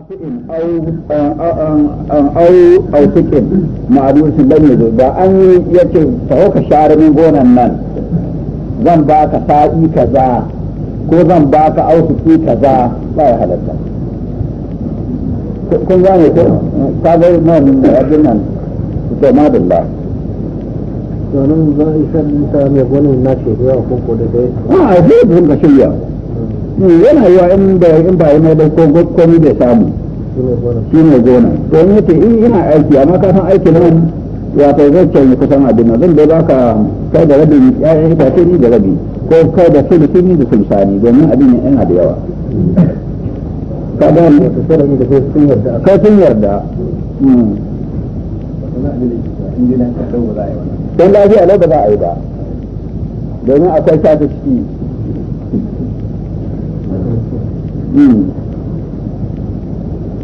Um, um, au au fikin ma'adusin dan yazo ba an yi yace tawo ka share min gonan nan zan ba ka sa'i kaza ko zan ba ka au fiki kaza ba ya halatta kun gane ko ka ga nan abin nan to madalla to nan za a isa da mutane gonan na da yawa ko ko da dai a ah, zai bunka shirya yana yiwa in ba in ba mai da ko bai samu shi ne gona to in in eh, ina aiki amma ka san aiki nan ya ta zai canji kusan abin zan dai baka kai da rabin ƴaƴan itace ni da rabi ko kai da sulusi ni da sani domin abin yana da yawa sun yarda hmm. lafiya lau ba za a yi ba domin akwai shafi ciki Hmm.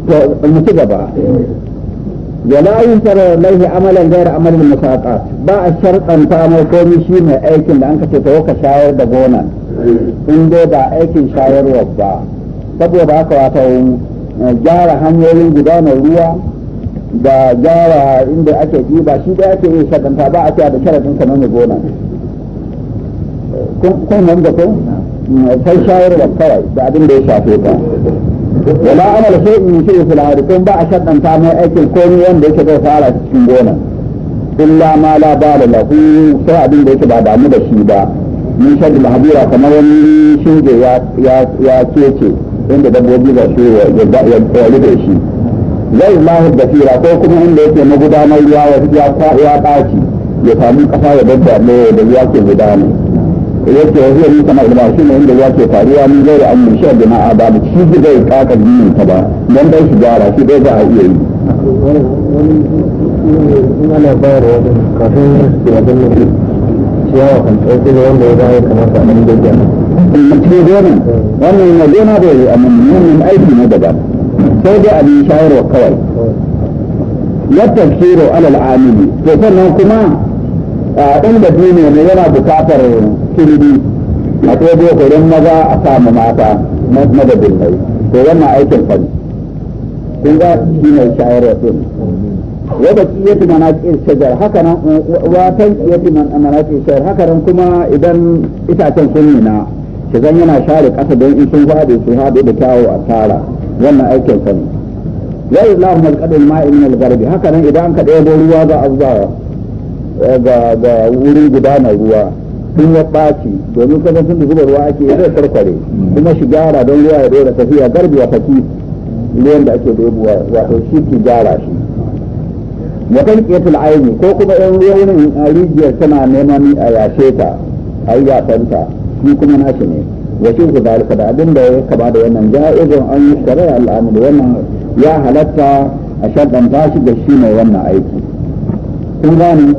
to mu ci gaba ولا ينكر عليه عملا غير عمل المساقات با الشرطا تعمل كومي شي mai aikin da an kace ta ka shayar da gonan. in dai ba aikin shayarwa ba saboda haka wato eh, gyara hanyoyin gudanar ruwa da gyara inda ake ba shi da ake yin shaganta ba a da sharaɗin kamar mai gonan. kun kun da ko kai da kawai da abin da ya shafe ka wala amal sai in shi fil harikun ba a shaddanta mai aikin komai wanda yake zai fara cikin gona illa ma la da lahu sai abin da yake ba damu da shi ba mun shaddul habira kamar wani shinge ya ya kece inda dabbobi ba su ya da shi zai lahu da fira ko kuma inda yake magudanar ruwa ya ya ya ya sami kasa ya dabba ne da ya ke gudana yake wa zai musa ma'ilma shi ne inda ya ke faruwa ni zai an mushe da ma'a ba da shi zai kaka jinin ta ba don dai shi gyara shi dai za a iya yi. ana bayarwa da kafin abin da ciyawa kan tsarki da wanda ya zai kamata a nan gajiya. Mutum gonin wannan na gona da yi a mummunan aiki na daban sai dai abin shayarwa kawai. Yadda shiro alal amili to sannan kuma ɗan da duniya ne yana bukatar kilidi a tsogo kurin maza a samu mata madadin mai to yana aikin fari kun ga shi ne shayarwa sun wadda mana manaƙi shajar haka nan watan mana ki shajar haka nan kuma idan itacen sun nuna shi zan yana share ƙasa don in sun faɗi su haɗe da kyawu a tara wannan aikin fari ya yi lahumar ƙadin ma'in al-garbi haka nan idan ka ɗebo ruwa za a zuwa Eh, ga wurin gudanar ruwa sun ya ɓaci domin kasan sun zuba ruwa ake zai karkware kuma shi gyara don ruwa ya dora tafiya garbi wa faki ruwan da ake dobuwa wato shi ki gyara shi mutum ƙetul aini ko kuma yan ruwanin a rijiyar tana neman a yashe ta a yi yasanta shi kuma nashi ne ya shi ku zalika da abin da ya kama da wannan ja'izon an yi shari'a al'amur wannan ya halatta a shaɗanta shi da shi mai wannan aiki kun gane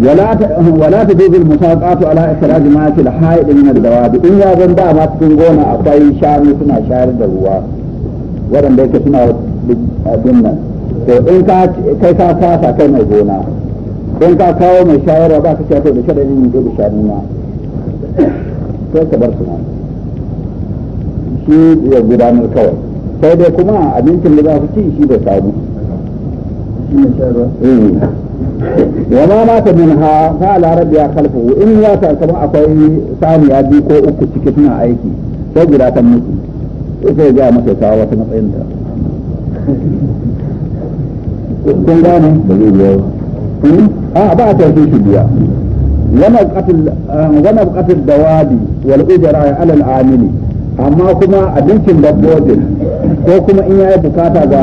ولا ولا تجوز المساقات على اخراج ما في الحائط من الدواب ان يا زن دا ما cikin gona akwai shanu suna shayar da ruwa waɗanda yake suna abin nan to in ka kai ka kasa kai mai gona in ka kawo mai shayarwa ba ka ce to da sharadin ne da shanu na sai ka bar su nan shi ya gudanar kawai sai dai kuma abincin da za su ci shi da samu Eh. wa ma mata minha fa ala rabbiya khalfahu in ya ta kama akwai saniya biyu ko uku ciki suna aiki sai guda ta mutu sai ga masa ta wata matsayin ta hmm? a ba biya wana bukatar dawabi wal ujra amma kuma abincin dabbobin ko kuma in yayi bukata ga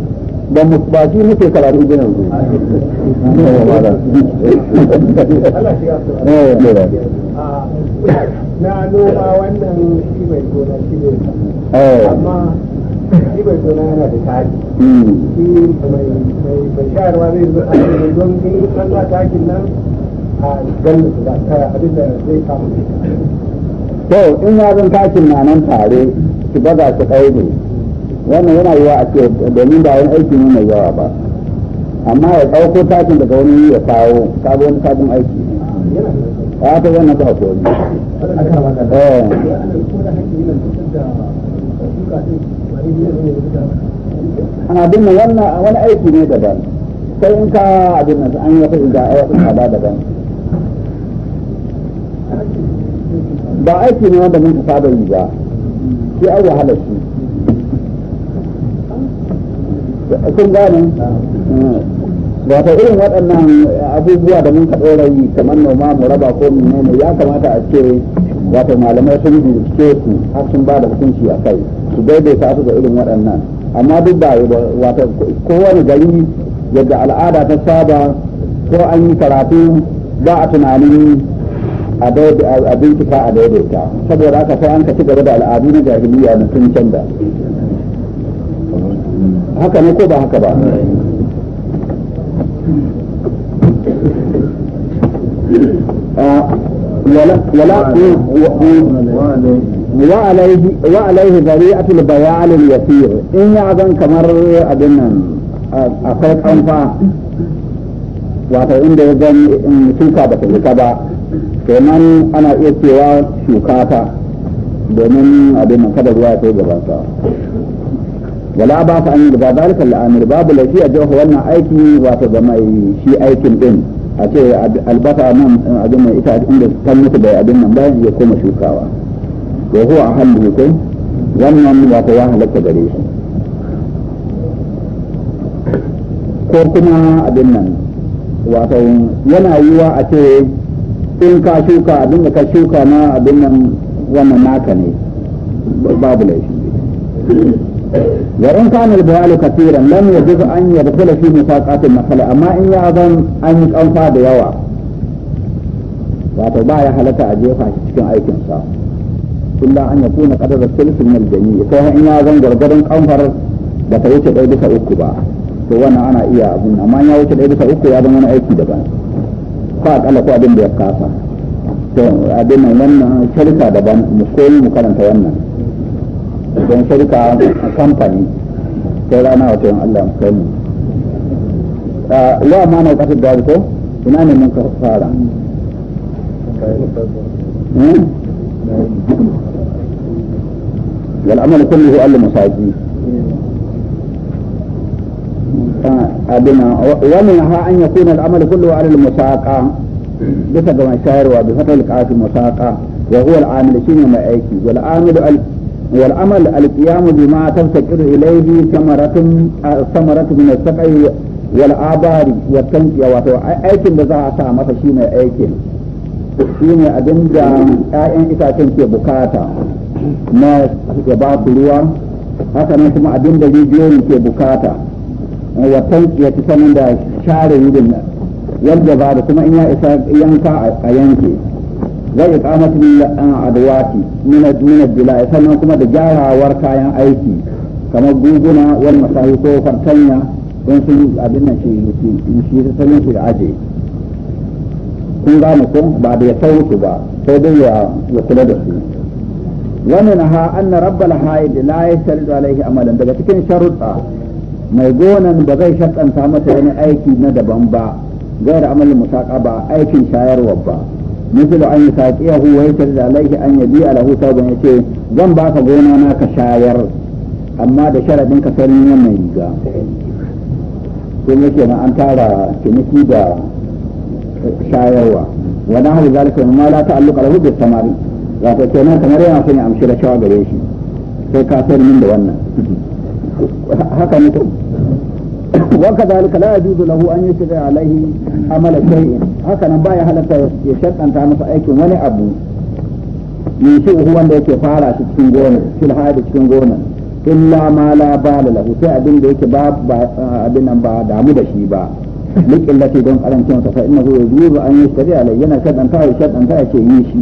ba mu ba shi muke karatu gina yanzu na noma wannan shi mai gona shi amma shi mai na yana da taki hmm. shi mai mai shayarwa zai zo a cikin don in an ba takin nan a ganin su da kaya abin da zai samu to in ya zan takin na nan tare za su ki ɗaure wannan yana yiwa a ce domin ba wani aiki ne mai yawa ba amma ya ɗauko tashin daga wani ya kawo kago wani sabon aiki ya ta wannan ba ko ne eh. ana bin wannan wani aiki ne daban sai in ka abin nan an yi wata ida a wata tsada daban ba aiki ne wanda mun ka saba yi ba sai an wahala shi kun gane wata irin waɗannan abubuwa da mun kaɗo rai kamar noma mu raba ko menene ya kamata a ce wato malamai sun bincike su har sun ba da hukunci a kai su daidaita su da irin waɗannan amma duk ba wata kowane gari yadda al'ada ta saba ko an yi karatu ba a tunanin a bincika a daidaita saboda haka sai an ka ci gaba da al'adu na jahiliya na tun canza haka ne ko ba haka ba وعليه ذريعة البيان اليسير إن يعظم كمر أبنا أخيط أنفا wata inda ya in shuka ba ta fita ba nan ana iya cewa shuka ta domin abin kada ruwa ta kai gabansa wala ba fa an da zalika al'amir babu a da wannan aiki wato ga mai shi aikin din a ce albasa nan abin nan ita inda kan mutu bai abin nan ba ya koma shukawa a huwa ahallu ko wannan wato ya halatta gare shi ko kuma abin nan wato yana yiwa a ce in ka shuka abin da ka shuka na abin nan wannan naka ne babu lafi وإن كان البوال كثيرا لم يجوز أن يدخل في مساقات المخلة أما إن يعظم أن يقنفى بيوا wato ba ya halaka a jefa shi cikin aikinsa illa an ya kuna kadar sulfin min jami'i ko in ya zan gargadan kamfar da ta wuce ɗaya bisa uku ba to wannan ana iya abun amma ya wuce ɗaya bisa uku ya zama wani aiki daban ko a kala ko abin da ya kasa to abin nan wannan shirka daban mu koyi mu karanta wannan don shirka a kamfani sai rana wata yin Allah mu kai mu lawa ma na kasar da ko ina ne mun ka fara والعمل كله أهل مساجين أبنا ومنها أن يكون العمل كله على المساقة بسبب ما شاعر وبفتح الكعاف المساقة وهو العامل شنو ما أيكي والعامل والعمل القيام بما تفتقر إليه ثمرة ثمرة من السقي والآبار والتنقية وتو أيكن ذا سامة شيني أيكن shine abin da 'ya'yan itacen ke bukata na ya ruwa haka nan kuma abin da rijiyoyi ke bukata watan ya ci sanin da share yudin yadda ba da kuma in ya isa yanka a yanke wa iqamatul adwati min min bila sannan kuma da gyarawar kayan aiki kamar guguna wal masahi ko fartanya don sun abin nan shi shi sanin shi aje kun gane ko ba da ya sauke ba sai dai ya kula da su wannan ha an na rabbal haid la ya alaihi amalan daga cikin sharuɗa mai gonan ba zai shaɗanta masa wani aiki na daban ba gaira amalin musaka ba aikin shayarwa ba مثل أن يساقيه ويشرد عليه أن يبيع له ثوبا يشي زن باك غونا ناك شاير أما ده شرط إنك سنين يميجا كم يشي أن ترى كنكي ده shayarwa wani hau zalika ma la ta'alluqa lahu bis samari wato kenan kamar yana son ya amshi da shawa gare shi sai ka sayar min da wannan haka to وكذلك لا يجوز له أن يشرع عليه عمل شيء هكذا باية هلتا يشك أن تعمل أيك ولا أبو من شيء هو أن يكي فعلا شكين غونا في الحياة شكين غونا إلا ما لا بال له سأبين ديك باب أبين أم بعد عمود الشيبا لك إلا في دون قرن كنت فإنه يجوز أن يشتري عليه أنا شد أن تعي شد أن تعي شيء يشي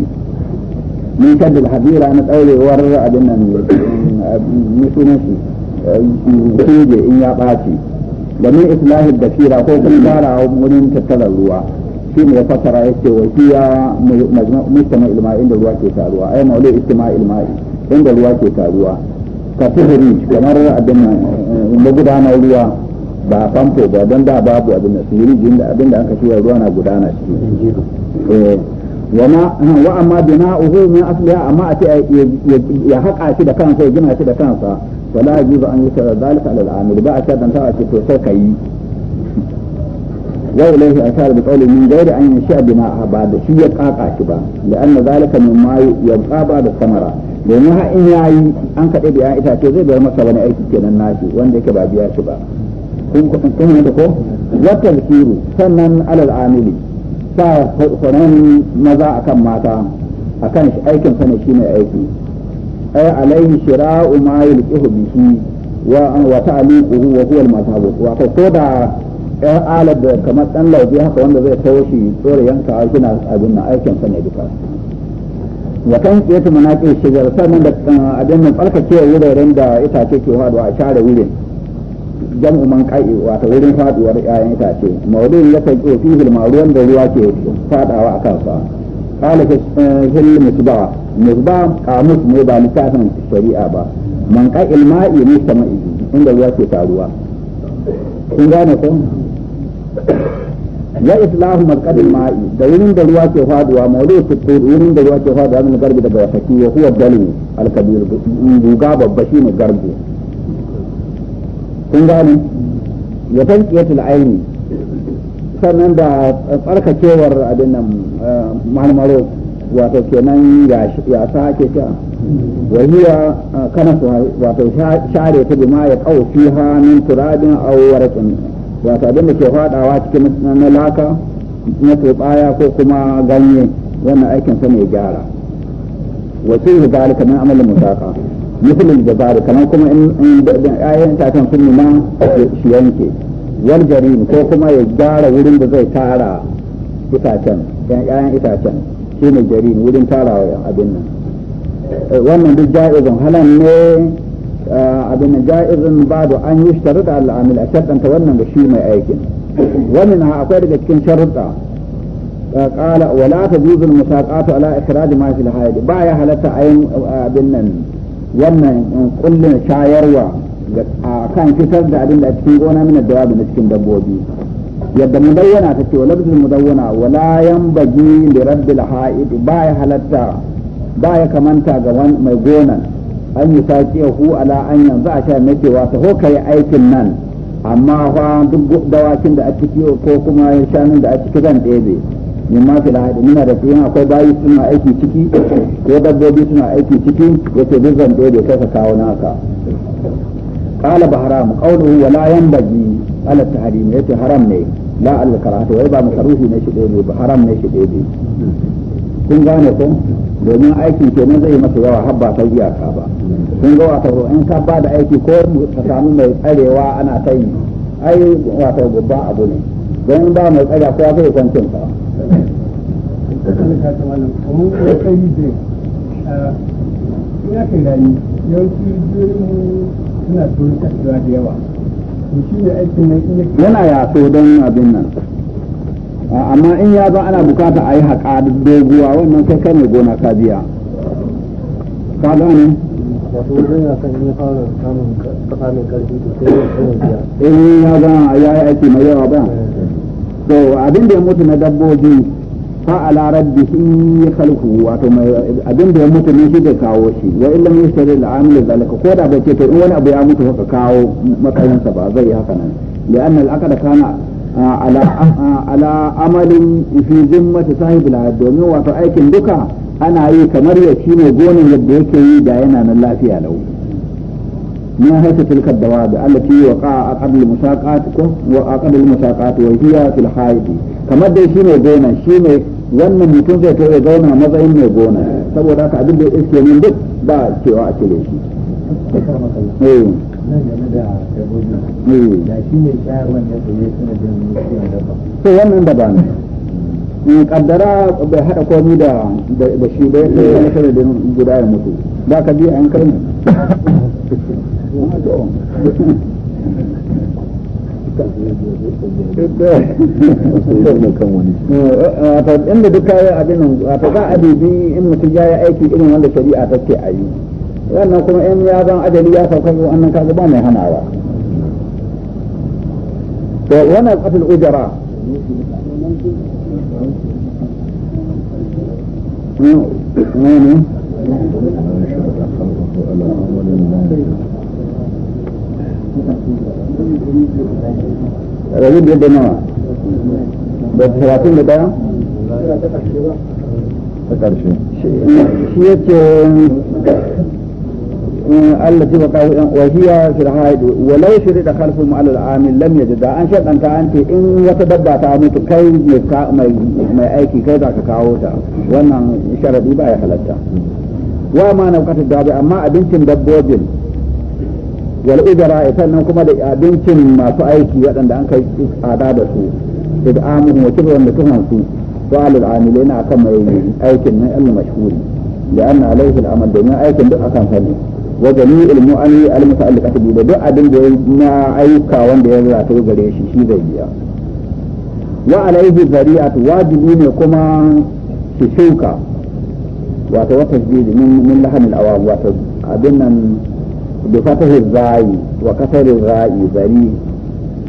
من شد الحبيرة أنا تأولي ورع أبين أم نسو نسي in ya ɓaci da min da basira ko kun fara wurin tattalar ruwa shi ne ya fassara ya ce wajiya mujtama ilma inda ruwa ke taruwa ai maulai istima ilma inda ruwa ke taruwa ka tuhuri kamar abin da eh, gudanar ruwa ba famfo ba don da babu abin da su yi abin da aka shi ruwa na gudana ciki eh, wama wa amma bina'uhu min asliha amma a ce ya haƙa shi da kansa ya gina shi da kansa wala yajuzu an yusra zalika ala al-amil ba a shaɗan ta ce to sai kai wa ilayhi ashar bi qawli min ghairi an yasha bina'a ba da shi ya kaka shi ba la'anna zalika mimma yabqa ba da samara domin ha in yayi an kaɗe da ya itace zai bar masa wani aiki kenan nashi wanda yake ba biya shi ba kun kun da ko wa tanfiru sannan alal amili sa horon maza akan mata a kan aikin sa shi mai aiki ay alaihi shira'u ma yulqihu bihi wa an wa ta'liquhu wa huwa al-mazhab wa ko da ɗan alad da kamar ɗan lauje haka wanda zai kawo shi tsore yanka gina abin na aikin sa ne duka wa kan qiyatu manaqi shigar sannan da abin nan farka ce wuraren da itace ke hadu a share wurin jam'u man qa'i wato wurin faduwar ƴaƴan itace maudin ya kai ko fihi ma'ruwan da ruwa ke fadawa akan sa qala eh, hil misba misba qamus ne ba littafin shari'a ba man qa'i ma'i mustama'i inda ruwa ke taruwa kun gane ko ya islahu maqadil ma'i da wurin da ruwa ke faduwa mawdu'u ko wurin da ruwa ke faduwa ne garbi daga wasaki ya huwa dalu al-kabir guga babba shine garbi kun gani ya tazkiyatul aini sannan da tsarkakewar abin nan eh, marmaro wato kenan ya sa ake cewa wa hiya eh, kana wato share ta bima ya kawo fiha min turabin aw kin wato abin da ke fadawa cikin na laka na turbaya ko kuma ganye wannan aikin sa mai gyara wa sai zalika min amalin musaka مثل الجزار كما كما ان ayan ta kan sun ma shi yanke wal jarim ko kuma ya gyara wurin da zai tara itacen yan ayan itacen shine jarim wurin tara abin nan wannan duk ja'izun halan ne abin nan ja'izun ba da an yi sharuɗa al'amil a sharuɗanta wannan ga shi mai aikin wannan akwai daga cikin sharuɗa قال ولا تجوز المساقات على اخراج ما في الحائض با يا هلتا اين بنن wannan eh, kullum shayarwa a kan fitar da abin da a cikin gona mina da na cikin dabbobi yadda mu bayyana ta cewa wa labdul mudawwana wala yanbaghi li rabbil ha'id ba ya halatta ba ya kamanta ga wani mai gonan an yi sake hu ala an yanzu a shayar wa ta ho kai aikin nan amma fa duk dawakin da a ciki ko kuma shanun da a ciki zan ɗebe min ma fi lahadi muna da tsayin akwai bayi suna aiki ciki ko dabbobi suna aiki ciki yace duk zando da kai ka kawo naka qala bahram qawluhu wa la yanbaghi ala tahrim yace haram ne la al karahatu wai ba makaruhi ne shi dai ba haram ne shi dai kun gane ko domin aikin nan zai masa yawa har ba ta iyaka ba kun ga ruwa in ka ba da aiki ko ka samu mai tsarewa ana ta yi ai wata babban abu ne don ba mai tsara ya zai kwancin ka alaka ta yana yaso don abin nan amma in ya zo ana bukata a yi haƙa doguwa wannan kai kai ne gona ka biya ka gane ya fara samun kasa mai karfi sai ya biya eh ya ga ya yi aiki mai yawa ba eh, eh. to abin da ya mutu na dabbobi fa'ala rabbihi khalquhu wato mai abin da ya mutu ne shi da kawo shi wa illam yashtari al-amil zalika ko da bai ce to in wani abu ya mutu ka kawo matsayin sa ba zai yi haka nan li anna al-aqda kana ala ala amalin fi zimmati domin wato aikin duka ana yi kamar ya gonin yadda yake yi da yana nan lafiya lau من هيئة تلك الدواب التي وقع وهي في كما دي شيء بين شيء wannan mutum zai to ya zauna matsayin mai gona saboda haka abin da ya iske min duk ba cewa a cire shi eh. Eh. to wannan da ba ne eh, kaddara bai hada komi da shi ba yake yana sanar da guda ya mutu ba ka biya an karni. wato inda duka ya abin wato za a dubi in mutum ya yi aiki irin wanda shari'a ta ce a yi wannan kuma in ya zan ajali ya sauka ko annan kaga ba mai hanawa to wannan qatul ujara Thank you. ɗari biyar da nawa da talatin da ɗaya ta ƙarshe shi ya ce Allah ce baka wa hiya fil haid walau shirida khalfu ma'al amil lam yajid an shaddanta an in wata dabba ta mutu kai mai aiki kai za ka kawo ta wannan sharadi ba ya halatta wa ma naukatu dabi amma abincin dabbobin wal ya sannan kuma da abincin masu aiki waɗanda an kai tsada da su da amuhu wa kibran da tuhan su walil na kan mai aikin na al mashhuri da anna alaihi al amal domin aikin duk akan sani wa ilmu an yi alimusa bi da duk abin da na ayyuka wanda ya zata gare shi shi zai biya wa alaihi zari'atu wajibi ne kuma shi shuka wato wata min min lahamil awam wato abin nan بفتح الزاي وكسر الراء ذري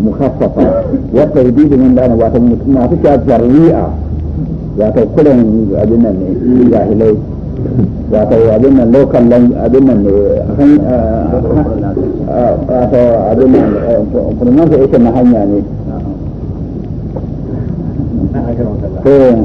مخففة والتهديد من لأن واتم نافكة ذريئة واتو كلهم أبنا الجاهلية واتو أبنا لو لن أبنا أخن واتو أبنا فرنانسة إيش المحن يعني أكرمك الله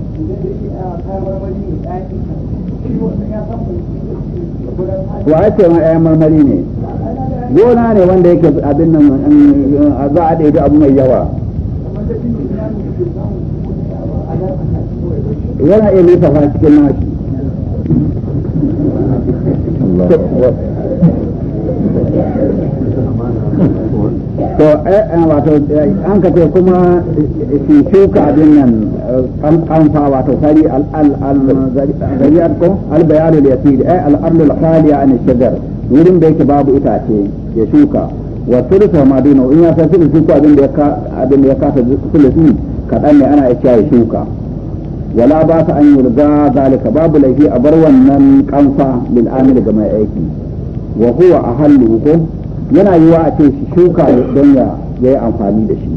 wa ce ma ƴaƴan marmari ne gona ne wanda yake abin nan za a ɗaiɗi abu mai yawa yana iya nufa fa cikin nashi to eh, eh, wato eh, an ka ce kuma shi shuka abin nan an fa wato al-zariyar ko al-bayanu da ai al al wurin da yake babu itace ya shuka wa sulusa ma duna in ya abin da ya abin da ya kasa sulusi kadan ne ana iya ya shuka wala ba sa an yurga zalika babu laifi a bar wannan kanfa lil amil ga mai aiki wa huwa ahallu ko yana yiwa a ce shi shuka don ya yi amfani da shi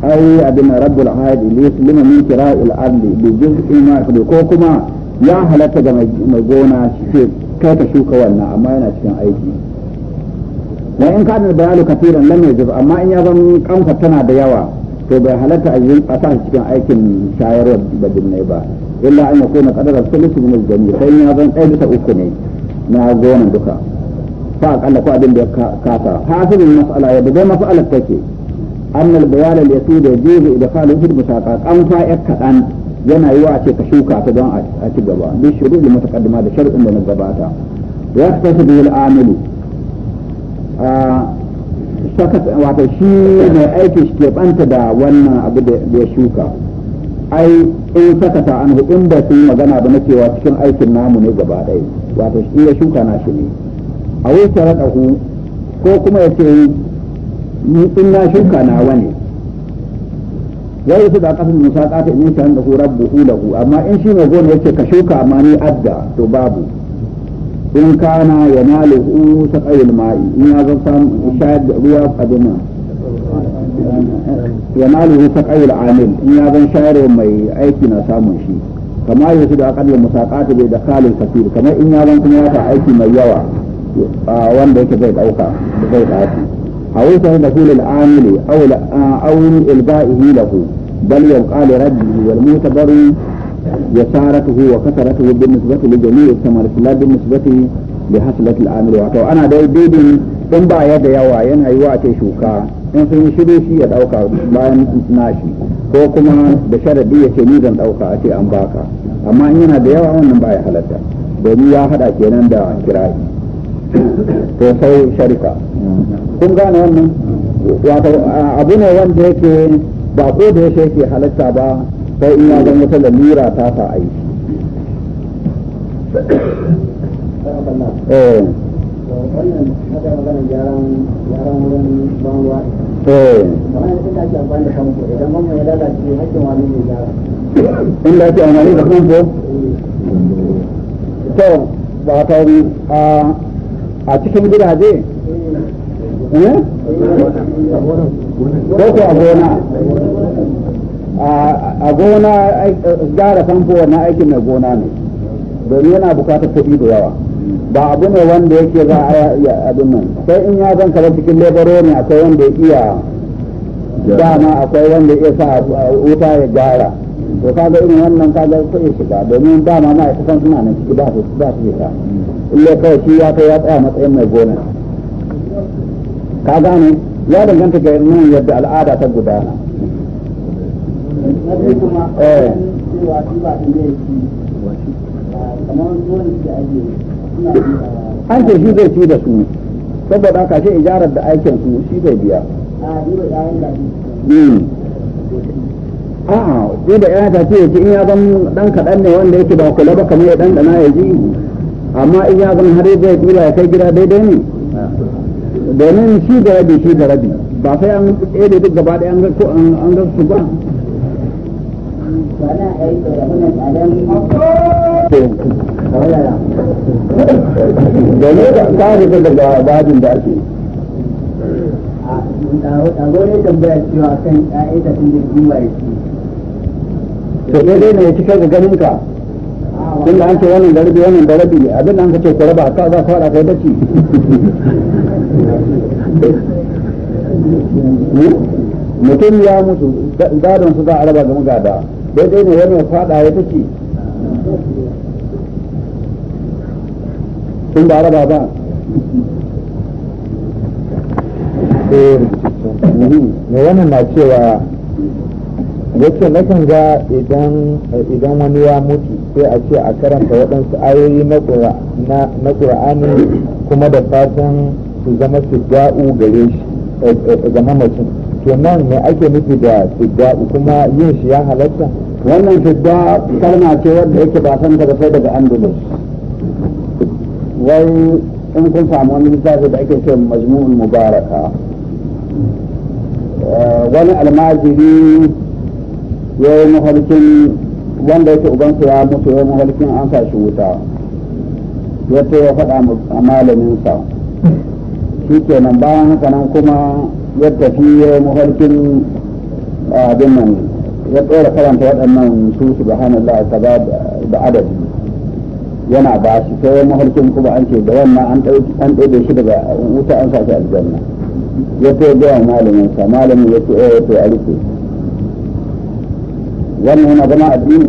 ai abin rabbul ahad lima min kira'il ardi bi juz'i ma ko kuma ya halatta ga mai gona shi kai ka shuka wannan amma yana cikin aiki wa in kana bayalu kafiran lam yajuz amma in ya zan kanfa tana da yawa to bai halatta a yin a cikin aikin shayarwar bajinai ba illa an yakuna qadara sulusu min al-jami sai ya zan ɗaya bisa uku ne na gonan duka fa akalla ko abin da ya kasa hasilin mas'ala ya bugai mas'alar take an albayar da yasu da jihu da kalin fil musaka kan fa ya kadan yana yi wa ce ka shuka ta don a ci gaba bi shuruɗi mutaqaddima da sharuɗin da na gabata ya tafi bil amilu wato shi mai aiki shi ke banta da wannan abu da ya shuka ai in sakata an in ba su magana ba na cewa cikin aikin namu ne gaba ɗaya wato shi ya shuka na shi ne a wuce raɗahu ko kuma ya ce in na shuka na wani ya yi su da ƙasar musa ƙasa in shan da rabbu ulahu amma in shi mai gona ce ka shuka amma ni adda to babu in kana ya ta saqayil ma'i in ya zan samu shayar da ruwa dina ya ta saqayil amil in ya zan shayar mai aiki na samun shi kamar yi su da musa ƙasa bai da kalin kafir kamar in ya zan kuma ya aiki mai yawa wanda yake zai dauka zai dace hawisa da hulul amili aw aw ilba'ihi lahu bal yabqa li wal mutabarri yasaratuhu wa kasaratuhu bin nisbati li jami'i samarat la bin nisbati li haslati al amili wato ana da bidin in ba ya da yawa yana yi wa ce shuka in sun yi shiru shi ya dauka bayan nashi ko kuma da sharadi ya ce ni zan dauka a ce an baka amma in yana da yawa wannan ya halatta domin ya hada kenan da kira'i to sai sharika kun gane wannan wato abu ne wanda yake ba ko da yake yake halatta ba sai in ya zama wata lamira ta sa ai eh wannan haka magana gyaran gyaran wurin ban ruwa eh wannan ta ake amfani da famfo idan mamman ya lalace hakkin wani ne gyara in da ake amfani da famfo to ba ta a a cikin gidaje eh? ko a gona a gona gara famfo na aikin mai gona ne domin yana bukatar kuɗi da yawa ba abu ne wanda yake za a yi abin nan sai in ya zan kamar cikin lebaro ne akwai wanda ya iya dama akwai wanda ya sa wuta ya gyara to kaga irin wannan kaga kuɗi shiga domin dama ma'aikatan suna nan ciki ba su fita illa kawai shi ya kai ya tsaya matsayin mai gona ka gane ya danganta ga nan yadda al'ada ta gudana eh. an ce shi zai ci da su saboda ijarar da aikin su shi zai biya hmm. a'a da ya ta ce in ya zan dan kaɗan ne wanda yake ba kula ba kamar ya ɗanɗana ya ji amma in ya zama har zai tura ya kai gida daidai ne domin shi da rabi shi da rabi ba sai an ɗaya duk gaba ɗaya an ga ko an ga su ba domin ka fita daga babin da ake a gode tambaya cewa kan ya'ya da sun da kiwaye su. To ne ya cikar da ganin ka tun da an ce wannan garbi wannan da rabi abin da an ce ku raba ka za ka haɗa kai bacci hmm? mutum ya mutu gadon su za a raba ga magada daidai ne wani fada ya take tun da raba ba eh. mai hmm. wannan na cewa yace nakan ga idan wani ya mutu sai a ce a karanta waɗansu ayoyi na ƙura'ani kuma da fatan su zama sidda'u gare shi ga eh, eh, eh, mutum to nan me ake nufi da sidda'u kuma yin shi ya halatta wannan sidda karna ce wadda yake ba san ta sai daga dole wai in kun samu wani littafi da ake ce majmu'ul mubaraka wani almajiri ya yi mahalikin wanda yake ubansa ya mutu ya yi mahalikin an sa shi wuta ya ta ya faɗa a malaminsa shi kenan bayan haka nan kuma ya tafi ya yi mahalikin abin nan ya tsora karanta waɗannan su subhanallah kaza da adadi yana ba shi sai ya mahalkin kuma an ce da yamma an ɗaiɗe shi daga wuta an sa shi aljanna ya ta ya gaya malaminsa malamin ya ce eh, ya ta ya wannan yana zama addini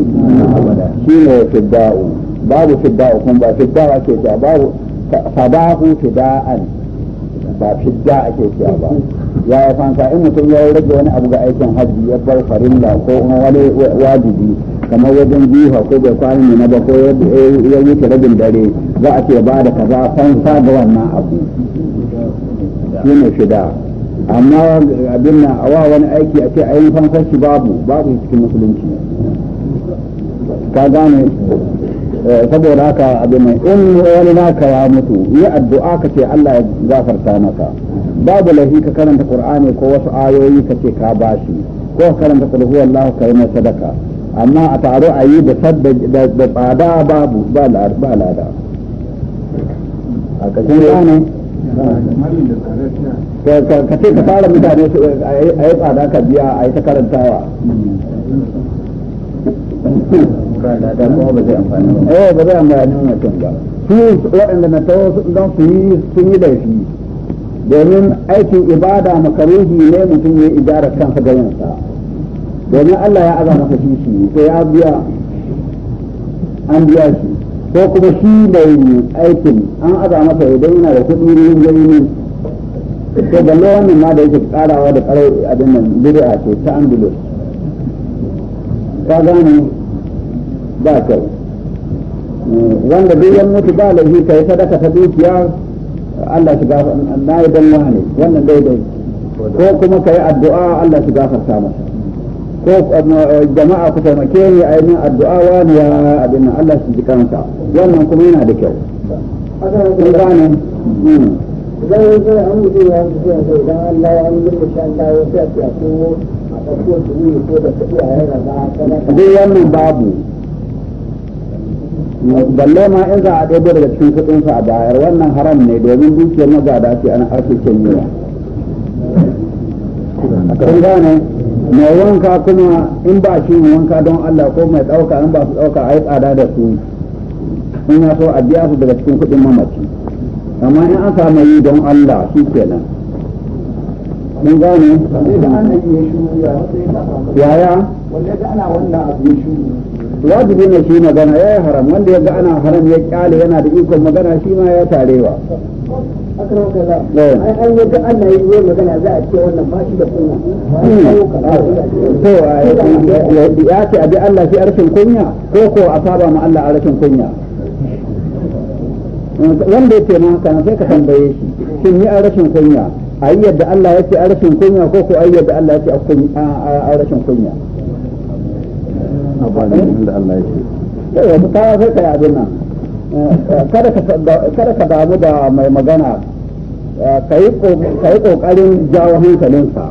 shi ne fidda'u babu fidda'u kuma ba fidda ake cewa babu sabahu ba fidda ake cewa ba ya yi fanka in mutum ya rage wani abu ga aikin hajji ya bar farilla ko wani wajibi kamar wajen jiha ko bai kwana ne ba ko ya wuce rabin dare za a ce ba da kaza fansa ga wannan abu shi ne shida amma abin na awa wani aiki a ce a yin fansar babu babu cikin musulunci ka gane eh, saboda haka abin mai in wani naka ya mutu yi addu'a ka ce Allah ya gafarta maka babu lafi ka karanta qur'ani ko wasu ayoyi ka ce ka bashi ko karanta qul huwallahu kai mai sadaka amma a taro a yi da tsada babu ba lada a ka ce ka fara mutane su a yi tsada ka biya a yi ta karantawa eh ba zai amfani mutum ba su waɗanda na su don su yi sun yi laifi domin aikin ibada makaruhi ne mutum ya yi ijara kansa ga yansa domin Allah ya aza masa shi sai ya biya an biya shi ko kuma shi mai aikin an aza masa idan yana da kuɗi ne zai to balle wannan ma da yake karawa da karai abin nan bid'a ce ta andalus ka gane ba kyau eh, wanda duk wani mutu ba laifi kai sadaka ta dukiya Allah shi gafa na yi dan wani wannan daidai ko kuma kai addu'a Allah shi gafarta masa ko um, uh, jama'a ku taimake ni a yin addu'a wa ni ya abin nan Allah shi ji kansa wannan kuma yana da kyau kun gane hmm. ba wannan ma in za a ɗebo daga cikin a bayar wannan haram ne domin dukiyar mai wanka kuma in ba shi wanka don Allah ko mai ɗauka in ba su ɗauka a yi tsada da su in ya so a biya su daga cikin kuɗin mamaci amma in an samu yi don Allah shi kenan mun gane yaya wajibi ne shi magana ya yi haram wanda ya ga ana haram ya kyale yana da ikon magana shi ma ya tarewa haka nan kaza ai an yi yi a da kunya hmm. to ya ce bi Allah fi arshin kunya ko ko a saba ma Allah arshin kunya wanda yake ma kana sai ka tambaye shi shin ni arshin kunya ayi yadda Allah ya ce arshin kunya ko ko ayi yadda Allah ya ce kunya a ba Allah ya ce to sai ka yi abin nan kada ka damu da mai magana ka yi ƙoƙarin jawo hankalinsa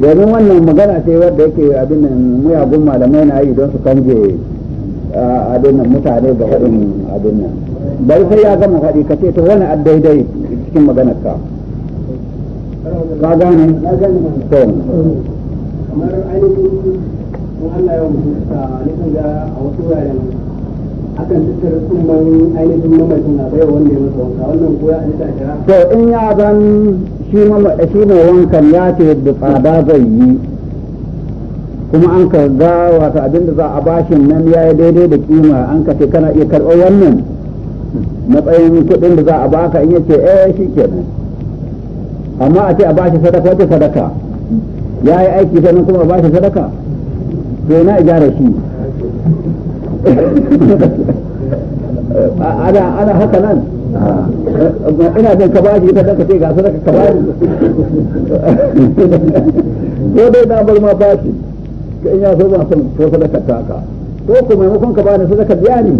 domin wannan magana ce wadda yake abin nan muyagun malamai na yi don su kanje abin nan mutane ga faɗin abin nan bai sai ya gama haɗi ka ce to wani a daidai cikin maganar ka ka gane to kamar ainihin a akan tattara kumban ainihin mamacin a baiwa wanda ya masa wanka wannan ko ya a shara to in ya zan shi shi mai wankan ya ce da tsada zai yi kuma an ka ga wata abinda za a bashin nan ya yi daidai da kima an ka ce kana iya karɓar wannan matsayin kuɗin da za a baka in yace eh shi kenan amma a ce a bashi sadaka wace sadaka ya yi aiki sannan kuma a bashi sadaka to na gyara shi Eh, ana ana haka nan eh, ina jin ka bashi ita ka ce ga su ka bashi ko dai na bar ma bashi in ya so ba san ko sadaka ka ko kuma maimakon ka bani sadaka biya ne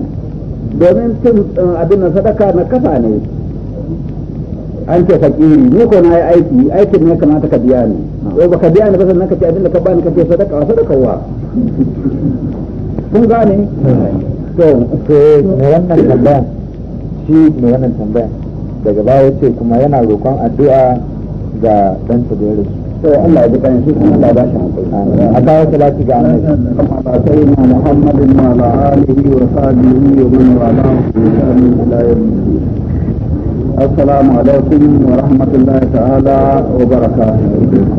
domin cin eh, abin nan sadaka na kasa ne an ce fakiri ni ko na yi aiki aikin ne kamata ka biya ne ah. ko baka biya ne ba sannan ka ce abin da ka bani ka ce sadaka sadaka wa kun gane hmm. mai wannan tambaya shi mai wannan tambaya daga baya ce kuma yana roƙon addu'a ga ɗansa da ya to Allah ya ji kan shi kuma Allah ba shi hankali a kawo salati ga annabi amma sai na Muhammadin wa ala alihi wa sahbihi wa man wala assalamu alaikum wa rahmatullahi ta'ala wa barakatuh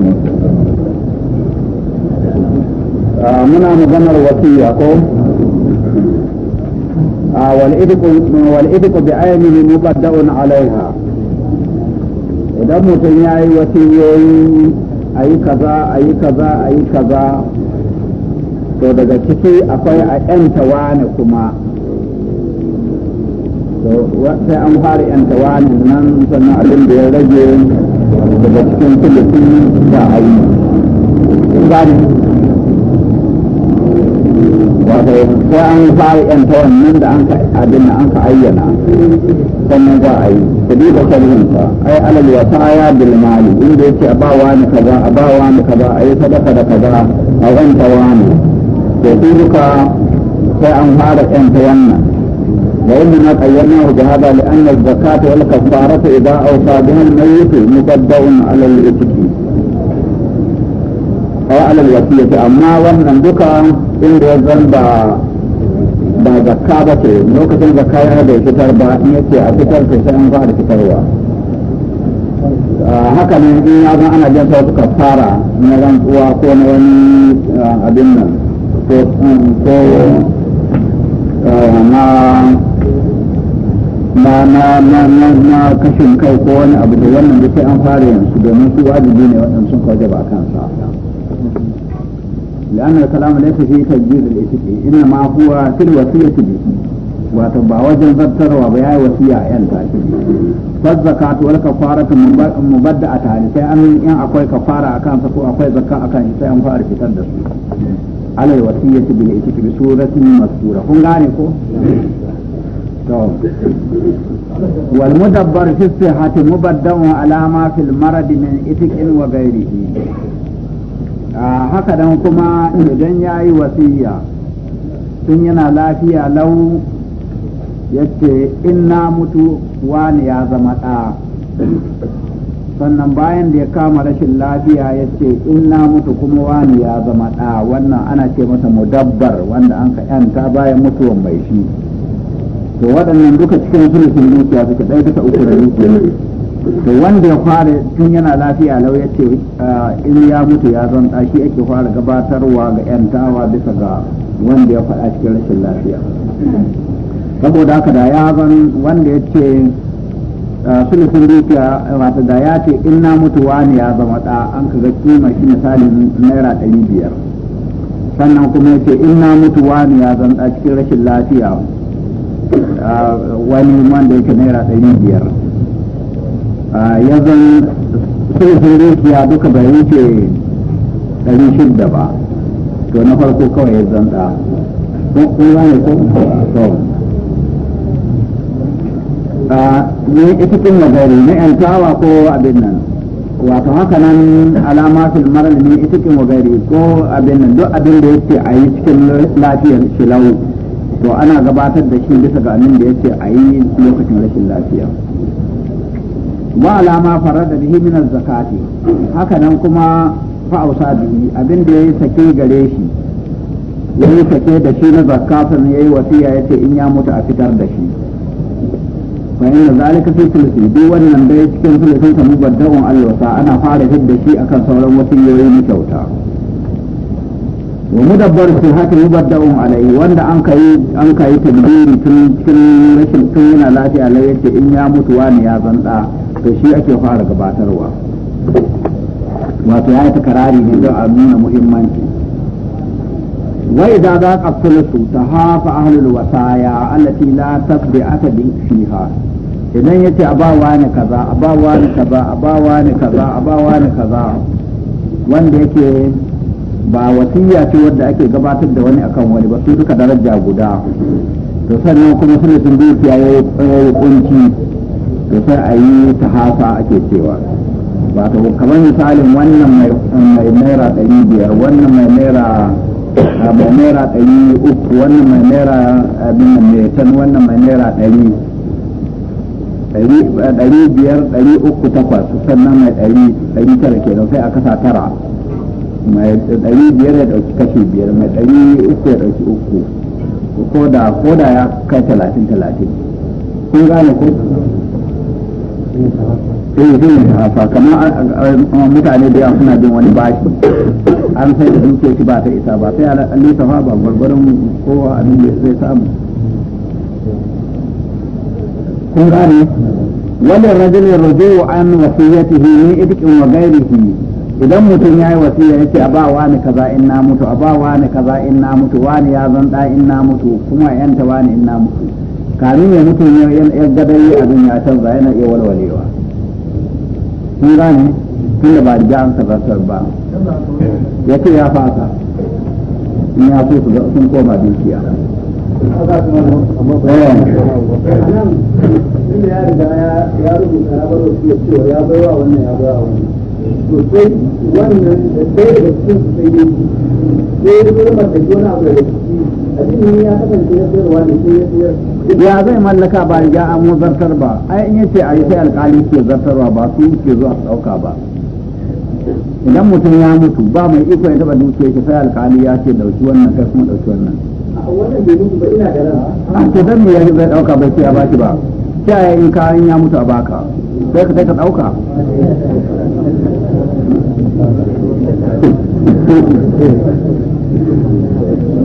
ah, muna maganar wasiya ko wal'idku bi ainihi muqadda'un alaiha idan mutum ya yi wasiyoyi a yi kaza a yi kaza a yi kaza to daga ciki akwai a ‘yanta wane kuma sai an fara ‘yanta wane nan sannan abin da ya rage daga cikin filifin da a yi sai an fara yan ta wannan da an ka abin da an ka ayyana sannan za a yi kudi da sarrinsa ai alal wa ta'aya bil mali inda yake ba wani kaza a ba wani kaza ai sadaka da kaza a wanta wani to su duka sai an fara yan ta wannan وإنما قيمناه بهذا لأن الزكاة والكفارة إذا أوصى بها الميت مبدأ على الإتكي aw alal wasiyati amma wannan duka inda ya zan ba ba zakka ba ce lokacin zakka ya bai fitar ba in yace a fitar sai sai an fara fitarwa haka ne in ya zan ana jin sautu fara na rantsuwa ko na wani abin nan ko na na na na na na kashin kai ko wani abu da wannan da sai an fara yanzu domin su wajibi ne waɗansu kawai ba kansa لأن الكلام ليس فيه تجديد الاتفاق إنما هو في الوصية به wato ba wajen zartarwa ba yayi wasiya a yanta shi fas zakatu wal kafaratu mubadda a tare sai an in akwai kafara akan sa ko akwai zakka akan sai an fara fitar da su alal wasiyati bil itiki bi suratin masura kun gane haka dan kuma idan ya yi wasiya tun yana lafiya lau yace in na mutu wani ya zama ɗa sannan bayan da ya kama rashin lafiya ya ce in mutu kuma wani ya zama ɗa wannan ana ce masa mudabbar wanda an ka yanta bayan mutuwan mai shi to waɗannan duka cikin sulusun dukiya suke ɗaya bisa uku da dukiya to wanda ya fara tun yana lafiya lau ya ce ah, in ya mutu ya zan shi ake fara gabatarwa ga 'yantawa bisa ga wanda ya faɗa cikin rashin lafiya saboda haka da ya zan wanda ya ce ah, sulufin dukiya wata da ya ce in na mutuwa ne ya zama ɗa an ka ga kima shi misalin naira ɗari biyar sannan kuma ya ce in na mutuwa ne ya zan ɗa cikin rashin lafiya ah, wani wanda yake naira ɗari biyar ya zan sulhun dukiya duka bai wuce ɗari shidda ba to na farko kawai ya zan ɗa kun ne ko to ne cikin magari na tawa ko abin nan wato haka nan alama fil maral ne cikin magari ko abin nan duk abin da yake a yi cikin lafiyar shilau to ana gabatar da shi bisa ga abin da yake a yi lokacin rashin lafiyar. wa alama farar da bihi minar zakati haka kuma fa'ausa bihi abin da ya yi sake gare shi ya yi sake da shi na zakatun ya yi wasiya ya ce in ya mutu a fitar da shi fa inda zalika fi sulusi bi wannan dai cikin sulusin sa mubadda'un alwasa ana fara fid da shi akan sauran wasiyoyi na kyauta wa mudabbar su haka mubadda'un alai wanda an kai an kai tun tun rashin tun yana lafiya lai yace in ya mutu wani ya zan Wato shi ake fara gabatarwa wato ya yi ta karari ne don a nuna muhimmanci wai da za ka su ta hafa ahlul wasaya allati la tasbi aka fiha idan yace a ba kaza a ba kaza a ba kaza a ba kaza wanda yake ba wasiya ce wadda ake gabatar da wani akan wani ba su duka daraja guda to sannan kuma sun dukiya ya yi kunci to sai a yi ta hafa ake cewa ba ta kamar misalin wannan mai naira ɗari biyar wannan mai naira ah, mai naira ɗari uku wannan mai naira abin mai can wannan mai naira ɗari eh, ɗari biyar ɗari uku takwas sannan mai ɗari ɗari tara ke sai a kasa tara mai ɗari biyar ya ɗauki kashi biyar mai ɗari uku ya ɗauki uku ko da ko da ya kai talatin talatin kun gane ko eh zai yi kamar mutane da yawa suna bin wani bashi an sai da duke shi ba ta isa ba sai an lissafa ba gwargwaron kowa abin da zai samu kun gane wani rajulin rujo an wasiyatihi min idkin wa gairihi idan mutum ya yi wasiyya ya ce a ba wani kaza in na mutu a ba wani kaza in na mutu wani ya zan da in na mutu kuma yanta wani in na mutu kamin ya mutum ya gadari abin ya canza yana iya walwalewa sun gane tun da ba riga an sarrafar ba ya ce ya fasa in ya so su sun koma dukiya ya rubuta ya bar wasu cewa ya baiwa wannan ya baiwa wannan sosai wannan da ɗaya da cikin su sai yi sai ya zama da jona abu da ciki ya zai mallaka ba ya an zartar ba ai in yace a yi sai alkali ke zartarwa ba su ke zuwa su dauka ba idan mutum ya mutu ba mai iko ya taba dukiyar ke sai alkali ya ce dauki wannan kai kuma dauki wannan a ce dan me ya zai dauka ba sai ya baki ba sai in ka in ya mutu a baka sai ka sai ka dauka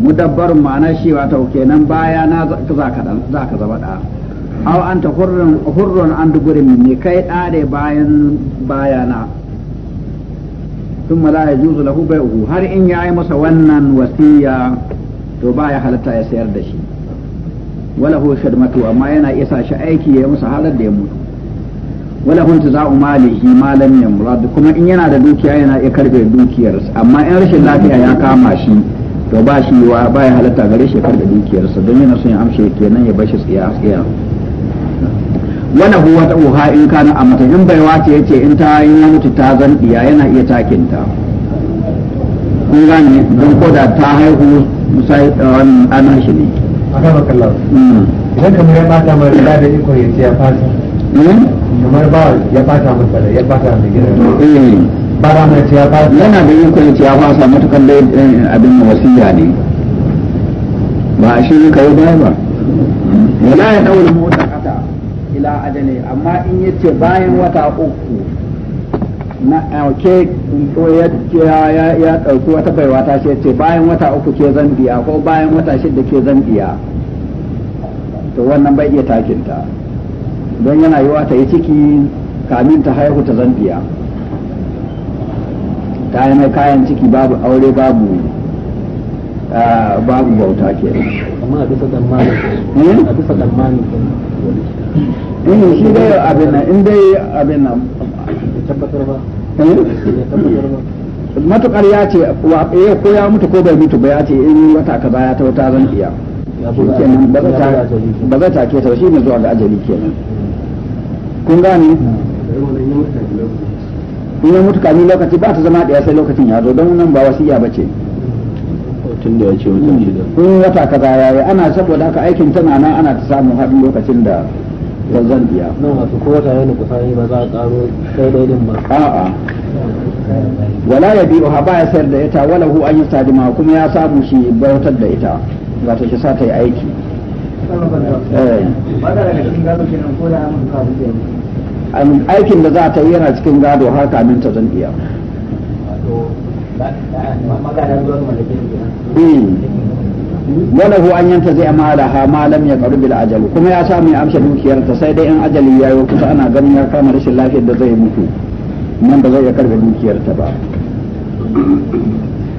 mudabbar ma'ana shi wato kenan baya na za ka zama da aw anta hurrun hurrun an dugurin ne kai dare bayan bayana thumma la yajuzu lahu bai'uhu har in yayi masa wannan wasiya to baya halatta ya sayar da shi wala hu shadmatu amma yana isa shi aiki ya masa halar da ya mutu wala hun taza'u malihi malam yamrad kuma in yana da dukiya yana iya karbe dukiyar amma in rashin lafiya ya kama shi to ba shi wa ba ya halatta gare kar da dukiyarsa don yana son ya amshe kenan ya bashi tsiya tsiya wani huwa ta uha in kana a mata in baiwa ce yace in ta yi mutu ta zan iya yana iya takin ta kun gane don ko da ta haihu musai um, ana shi ne a kan kallon mm. idan kamar ya bata mai da da iko ya ce ya fasa mm? kamar ba ya bata masa da ya bata mai gidan eh. bara mai tiyafa yana da yin kulli tiyafa sa matukan da eh, abin wasiya ne ba shi ka yi ba wala ya daura mota kata ila ajali amma in yace bayan wata uku na ke ya ya dauki wata baiwa ta ce ce bayan wata uku ke zan biya ko bayan wata shida ke zan biya to wannan bai iya takinta don yana yiwa ta yi ciki kamin ta haihu ta zan biya ta yi mai kayan ciki babu aure babu babu bauta ke eh? eh, eh? matukar ya ce wa ya ko ya mutu ko bai mutu ba ya ce in wata ya wata zan iya ba zai take ta shi ne zuwa ga ajali kenan kun gane in ya mutu kamin lokaci ba ta zama ɗaya sai lokacin ya zo don nan ba wasiya ba ce oh, tun da ya ce wata hmm. shida in wata kaza ya yi ana saboda haka aikin tana nan ana ta samu haɗin lokacin da zan biya nan wasu ko wata yana kusani ba za a karo sai dai din ba a'a wala ya biyu ha baya sayar da ita wala hu an yi tajima kuma ya samu shi bautar da ita ba ta shi sa ta yi aiki eh. ba da daga cikin gado kenan ko da an kawo aikin da za ta yi yana cikin gado har kamin ta zan iya hmm. an yanta zai mala ha malam ya karu bil ajal kuma ya samu ya amsa dukiyar ta sai dai in ajali ya yi kusa ana ganin ya kama rashin lafiyar da zai mutu nan ba zai ya karbe dukiyar ta ba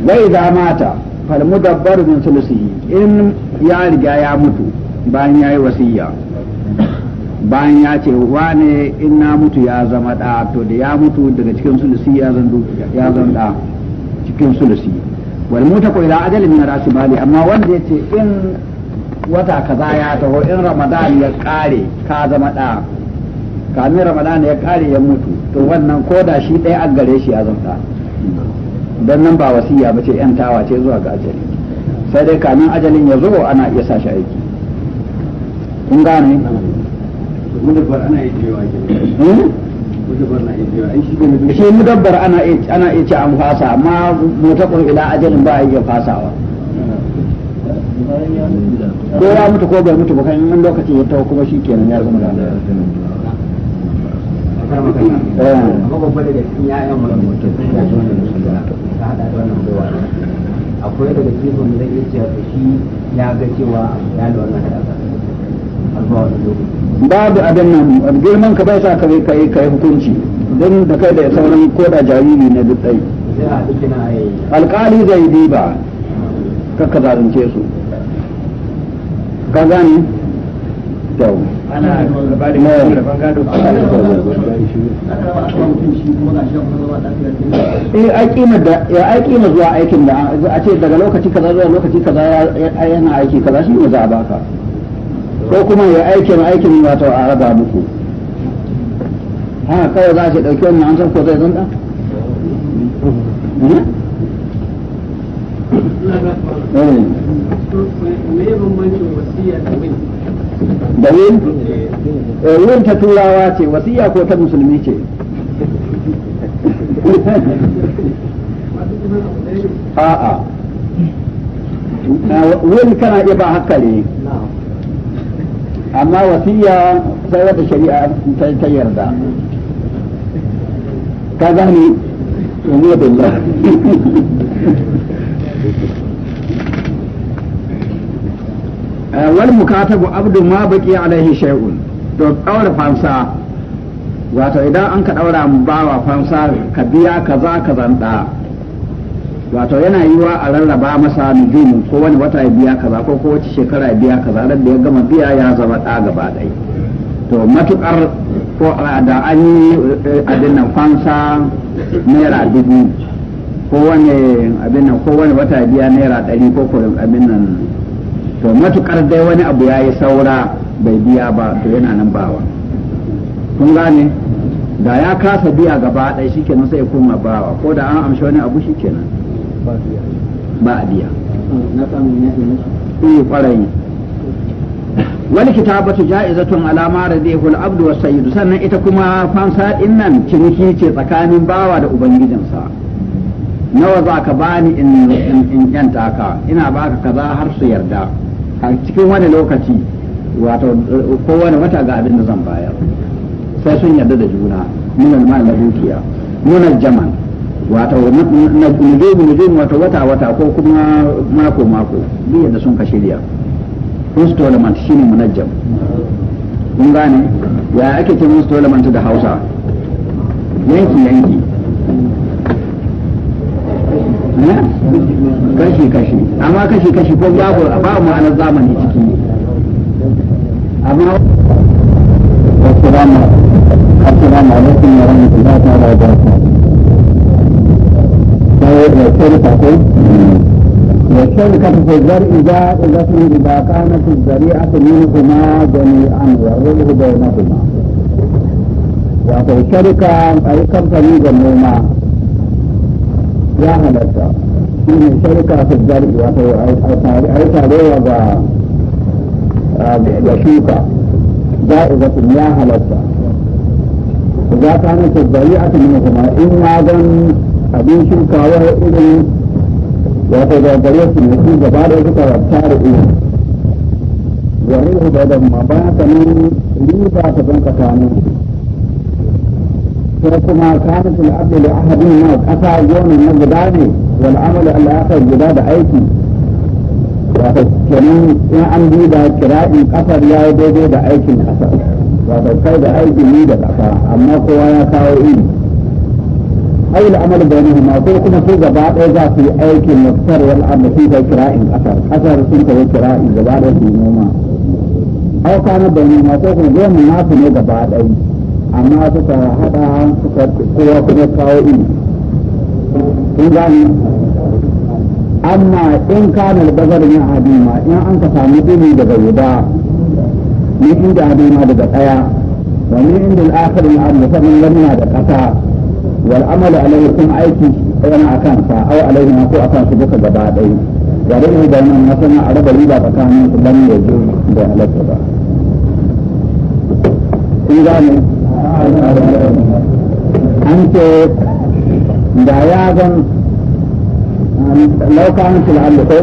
zai da mata fal bin min sulusi in ya riga ya mutu bayan ya yi wasiya bayan ya ce wa ne in na mutu ya zama da to da ya mutu daga cikin sulusi ya zan ya zan da cikin sulusi wal muta ko ila ajali min rasi bali amma wanda yace in wata kaza ya taho in ramadan ya kare ka zama da kamin ramadan ya kare ya mutu to wannan ko da shi ɗaya an gare shi ya zan da dan nan ba wasiya ba ce yan tawa ce zuwa ga ajali sai dai kamin ajalin ya zo ana iya sa shi aiki kun gane mudabbar ana iya cewa ke hmm? shi mudabbar ana iya ce an fasa amma mutakun ila ajalin ba a iya fasawa ko ya mutu ko bai mutu ba kan in lokaci ya tawo kuma shi ya zama da eh. akwai daga cikin zai iya cewa shi ya ga cewa ya da wannan babu abin nan girman ka bai sa ka kai kai hukunci don da kai da sauran koda jariri ne duk dai alkali zai diba kakka zalunce su ka gani kyau ana ba eh, da ya zuwa aikin da a ce daga lokaci kaza zuwa lokaci kaza yana aiki kaza shi ne za a baka ko kuma ya aike aikin yi wato a raba muku haka kawai za a shi ɗauki wannan an san ko zai zanta eh? da eh, win win ta turawa ce wasiya ko ta musulmi ce a'a wani kana iya ba hakkali amma wasiya sai wata shari'a ta yarda ka gane umar billah eh, wal mukatabu abdu ma baki alaihi shay'un to daura fansa wato idan an ka daura bawa fansa ka biya kaza ka zanda wato yana yi wa a rarraba masa nujumin ko wani wata ya biya kaza ko kowace shekara ya biya kaza ran da ya gama biya ya zama ɗa gaba ɗaya to matukar ko da an yi eh, abin nan fansa naira dubu ko wani abin nan ko wani wata biya naira ɗari ko ko abin nan to matukar dai wani abu ya yi saura bai biya ba to yana nan bawa kun gane da ya kasa biya gaba ɗaya shikenan sai ya koma bawa ko da an amshi wani abu shikenan ba ah, a biya na samun yaƙi musu eh kwarai wani kitabatu ja'izatun ala abdu sannan ita kuma fansa innan nan ciniki ce tsakanin bawa da ubangijinsa nawa za ka bani in in yanta ka ina ka kaza har su yarda a cikin wani lokaci wato kowane wata ga abin da zan bayar sai sun yarda da juna minal mal na dukiya wato nujumu nujumu wato wata wata ko kuma mako mako duk da sun ka shirya shi shine munajjam kun gane ya ake ce installment da Hausa yanki yanki kashi kashi amma kashi kashi ko babu ba ma'anar zamani ciki amma assalamu alaikum wa rahmatullahi wa barakatuh شركة والشركة في الزرع جائزة إذا كانت الزريعة منهما جميعا والربح بينهما wato sharika a yi kamfani da noma ya halatta shi ne sharika su zari wato a yi tarewa ga shuka za a zafin ya halatta za ta hannun su zari a cikin kuma in ma don abin shukawa irin wato da gare su ne su gaba da suka tare iri wani da da dama ba ta nan riba ta don tsakanin ta kuma kanin su abdu da ahadin na kasa gona na guda ne wani amal Allah ya kai guda da aiki wato kenan in an duba kira'in kasar ya yi daidai da aikin kasar wato kai da aiki ni da kasa amma kowa ya kawo iri أي العمل بينهما كما في جباء إذا في أيك المكسر والأرض في قراء أثر أثر سنت وقراء جباء بينهما أو كان بينهما كما جاء مناسب جباء أي أما سكا هذا سكا قوة كما كاوئي إذا أما إن كان البذر من عديما إن أنت سامدني بغيبا من عند عديما بغيبا ومن عند الآخر الأرض فمن لم يدقتا والعمل عليه كم أيكي أكان فا أو عليه ما كو أكانسا بك جبادي ورئي بين النسمة عرب ريبا فكان لم يجوز بأهلك بقى kun أنت an لو da ya zan laukan fil'allu ko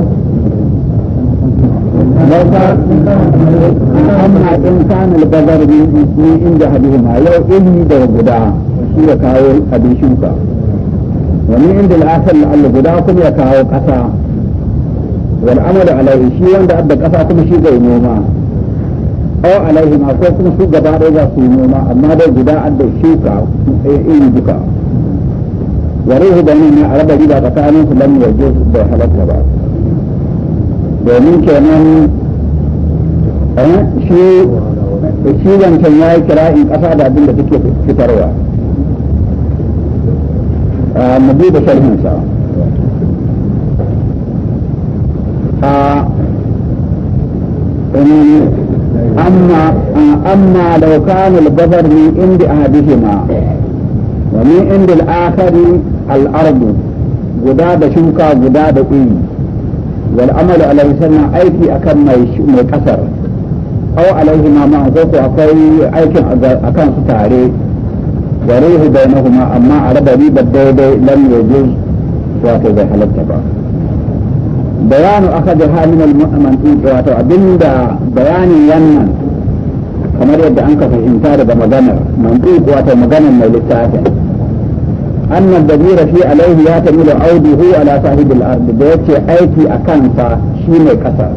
البذر من إسمي kanil bazar لو إني hadihima yau shi ya kawo abin shuka wani inda la'asar Allah guda kuma ya kawo ƙasa wani amalu alaihi shi wanda adda ƙasa kuma shi zai noma aw alaihi ma ko kuma su gaba ɗaya za su yi noma amma dai guda adda shuka eh, iri duka warihu da nan a raba riba tsakanin su lam yaje bai halatta ba domin kenan eh, shi shi wancan ya yi kira in ƙasa da abin da take fitarwa annabi da sharhinsa أما آه، أما لو كان البذر من عند أحدهما ومن عند الآخر الأرض غداد شوكا غداد قوي إيه. والأمل عليه سنة أيكي أكن ما كسر أو عليهما ما أكوي أكن أكن ستاري وريه بينهما اما على بني بدوده لم يجوز واتو زي حلب تبا بيان اخذها من المؤمن ان واتو عبند بيان ينن كما يبدا انك في انتار بمغانا منطوق واتو مغانا مولدتاتا ان الدبير في عليه ياتي الى عودي هو على صاحب الارض بيتي ايتي اكانتا شيني كسر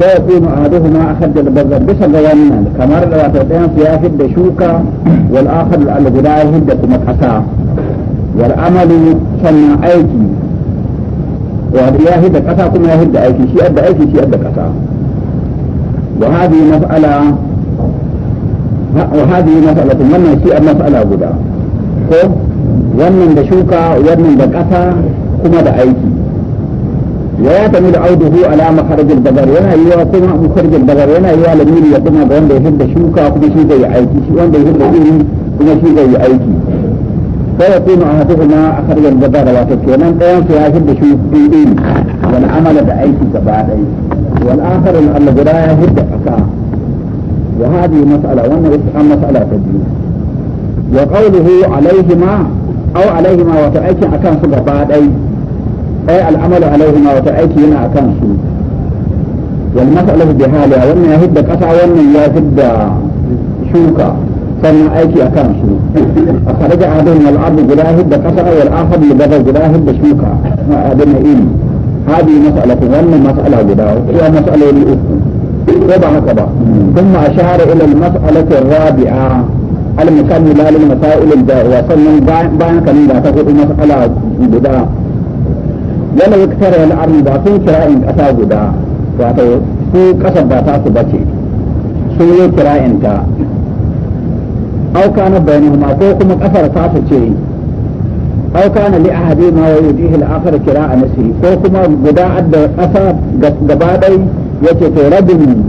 فيكون أحدهما أخرج البذر بس قوانين كما رأى واتدين في أهد شوكا والآخر الغداء هدة مكحسا والامل سنة أيكي وهذه يا هدى كسا كما يهد هدى أيكي شيء أدى أيكي شيء أدى كسا وهذه مسألة وهذه مسألة من شيء مسألة غداء ومن wannan ومن shuka كما da ƙasa ya tamil audu hu ala makharijil dabar yana yiwa kuma makharijil dabar yana yiwa lamiri ya kuma ga wanda ya hidda shuka kuma shi zai aiki wanda ya hidda iri kuma shi zai aiki sai ya kuma a hatu ma a karjan dabar wato kenan ɗayan su ya hidda shuka iri wani amala da aiki gaba ɗai wani akarin allah guda ya hidda aka wa hadi masala wannan wasu an masala ta biyu wa qawluhu alaihima aw wato aikin akan su gaba أي العمل عليهما وتأتي هنا أكان شو والمسألة بحالها وأن يهد كسع وأن يهد شوكا صنع أيكي أكان شو أخرج أحدهم الأرض قدا هد كسع والآخر لبدا قدا هد شوكة أبن إيم هذه مسألة وأن مسألة قدا هي مسألة الأخرى وضع كذا ثم أشار إلى المسألة الرابعة المكملة للمسائل الجاية وصلنا بين كلمة تقول مسألة بدا wala ya tara wani arni ba sun kira in ƙasa guda wato su kasar ba ta su bace su yi kira in ta auka na ma ko kuma kasar ta su ce auka na li ahadi ma wa yudihi al-akhar a nasi ko kuma guda adda ƙasa gaba dai yace to rabin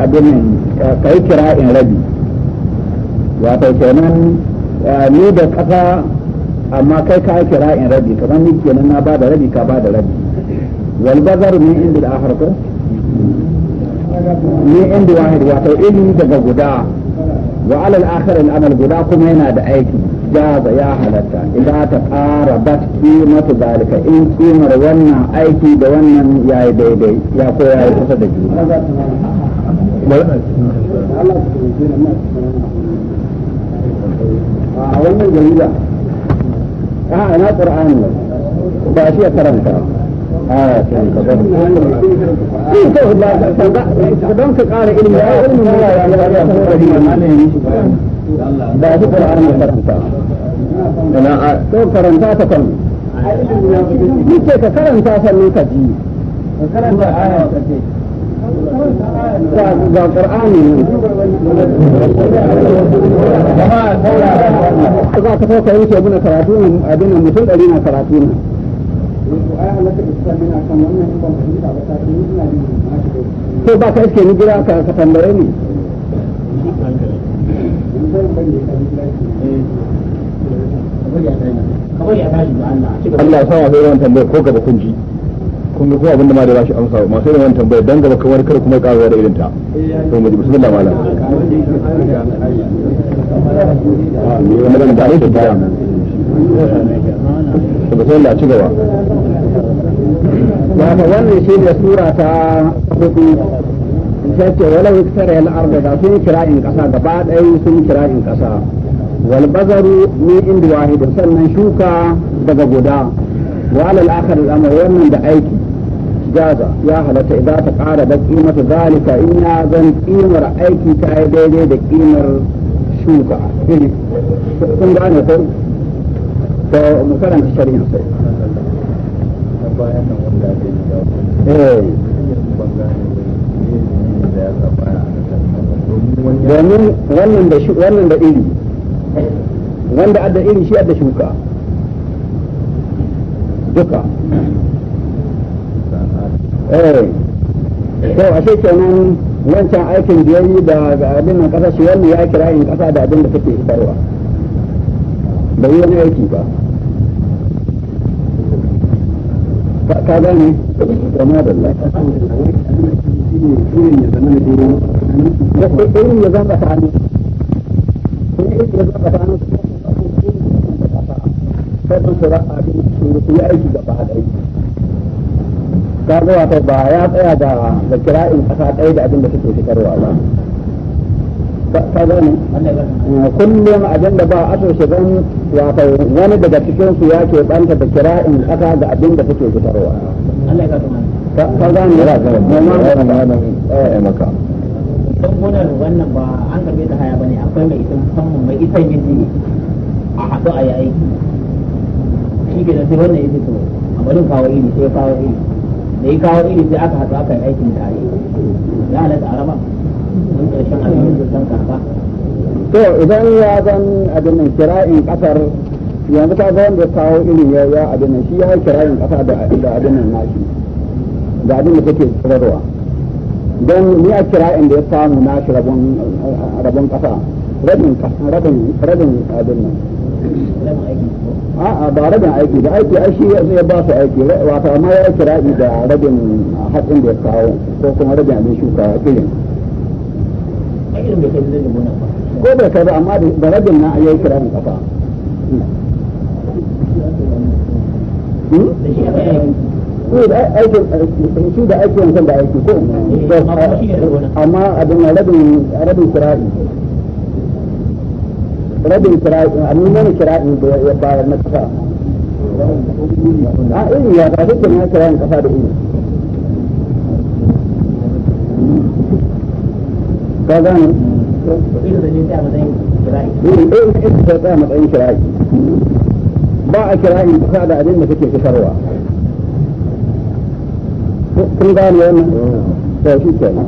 abin eh, kai in rabi wato kenan eh, ni da ƙasa amma kai ka ake ra'in rabi kamar ni kenan na bada rabi ka bada rabi wal bazar min inda da akhar ni min inda wahid wato ilmi daga guda wa alal akhar al amal guda kuma yana da aiki jaza ya halatta idan ta ƙara bat kimatu zalika in kimar wannan aiki da wannan yayi daidai ya ko yayi kusa da juna a wannan jarida a'a na qur'ani ne ba shi ya karanta aya ce ka ba shi ko don ka ilimi ya ilimi ne ya ya ba shi qur'ani karanta ina to karanta ta kan ni ce ka karanta sannan ka ji ka karanta ka ce ga qur'ani ne za ka abin mutum ɗari na karatu ne ko ba ka iske ni ka ka tambaye ni Allah ya sa wa zai ko kun ji kun ga kuma da ma da ba shi amsa ba masu irin wannan tambayar dan gaba kamar kar kuma karuwa da irin ta to mu ji bismillah malam madan da ne tabbaya to bismillah ci gaba ba wannan shi ne sura ta hudu sai ce wala yuktara al arda da sun kira in kasa gaba ɗaya sun kira in kasa wal bazaru min indi wahidin sannan shuka daga guda wa al akhir al amr wannan da aiki إجازة يا هلا إذا تقال قيمة ذلك إن أظن قيمة رأيك كأيدي دي قيمة شوكا يعني كم دعنا تقول فمكرم الشريعة domin wannan da wannan da iri wanda adda iri shi adda shuka duka eh to ashe kenan wancan aikin da yayi da abin nan kasa shi wannan ya kira kasa da abin da take isarwa da yi wani aiki ba ka gane da ne ya zama da ne ya zama ya zama ya zama da da ka ga wato ba ya tsaya da da kira'in kasa ɗaya da abin da suke shigarwa ba ka gane kullum abin da ba aso shigan wato wani daga cikin su ya ke banta da kira'in kasa da abin da suke shigarwa ka gane ya ga maka don gonar wannan ba an karbe ta haya bane akwai mai ita musamman mai ita miji a haɗu a yi aiki shi ke da sai wannan ya ce a bari kawo ne sai kawo ne da ya kawo iri sai aka haɗu aka yi aikin tare ya halatta araba wani ƙarshen abin da san karfa to idan ya zan abin nan kira'in ƙasar yanzu ta ga wanda ya kawo iri ya ya abin nan shi ya yi kira'in ƙasa da abin nan nashi da abin da take tsirarwa don ni a kira'in da ya samu nashi rabon ƙasa rabin rabin abin nan a'a ba rabin aiki da aiki ai shi ya ba su aiki wata amma ya yi da rabin hatsin da ya kawo ko kuma rabin abin shuka irin ko bai kai ba amma da rabin na ya kira'i kafa hmm? eh, eh, shi da aiki wancan da aiki ko eh, amma abin rabin kira kira'i rabin kira'in a nuna kira'in da ya bayar na kasa a iri ya ta duk da na kira'in kasa da iri ka gane ta ba a kira'in kasa da abin da kake fitarwa kun gane wannan to shi kenan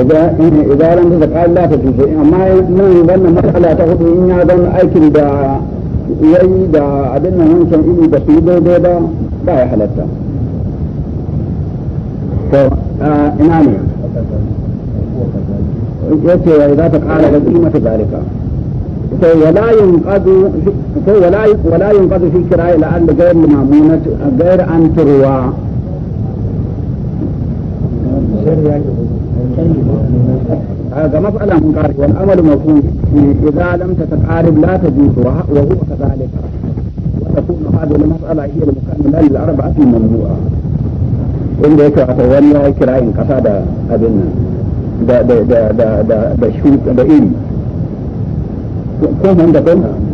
إذا يعني إذا لم تتقال لا تجوز أما ما يظن مسألة تخطي إن يظن أكل دا يأي دا عدنا منشن إلي بسيطة دا دا لا يحلتا آه، فإناني يأتي إذا تقال قديمة ذلك ولا ينقض ولا ولا ينقض في الكراء لأن غير المامونة غير أن تروى ga mas'ala mun kare wal amalu mafhum idza lam tataqarib la tajuz wa huwa kadhalika wa takun hadhihi al mas'ala hiya al mukammilah lil arba'ati mamnu'a inda yake wato wani ya kira in kasa da abin nan da da da da da da shi da iri ko mun da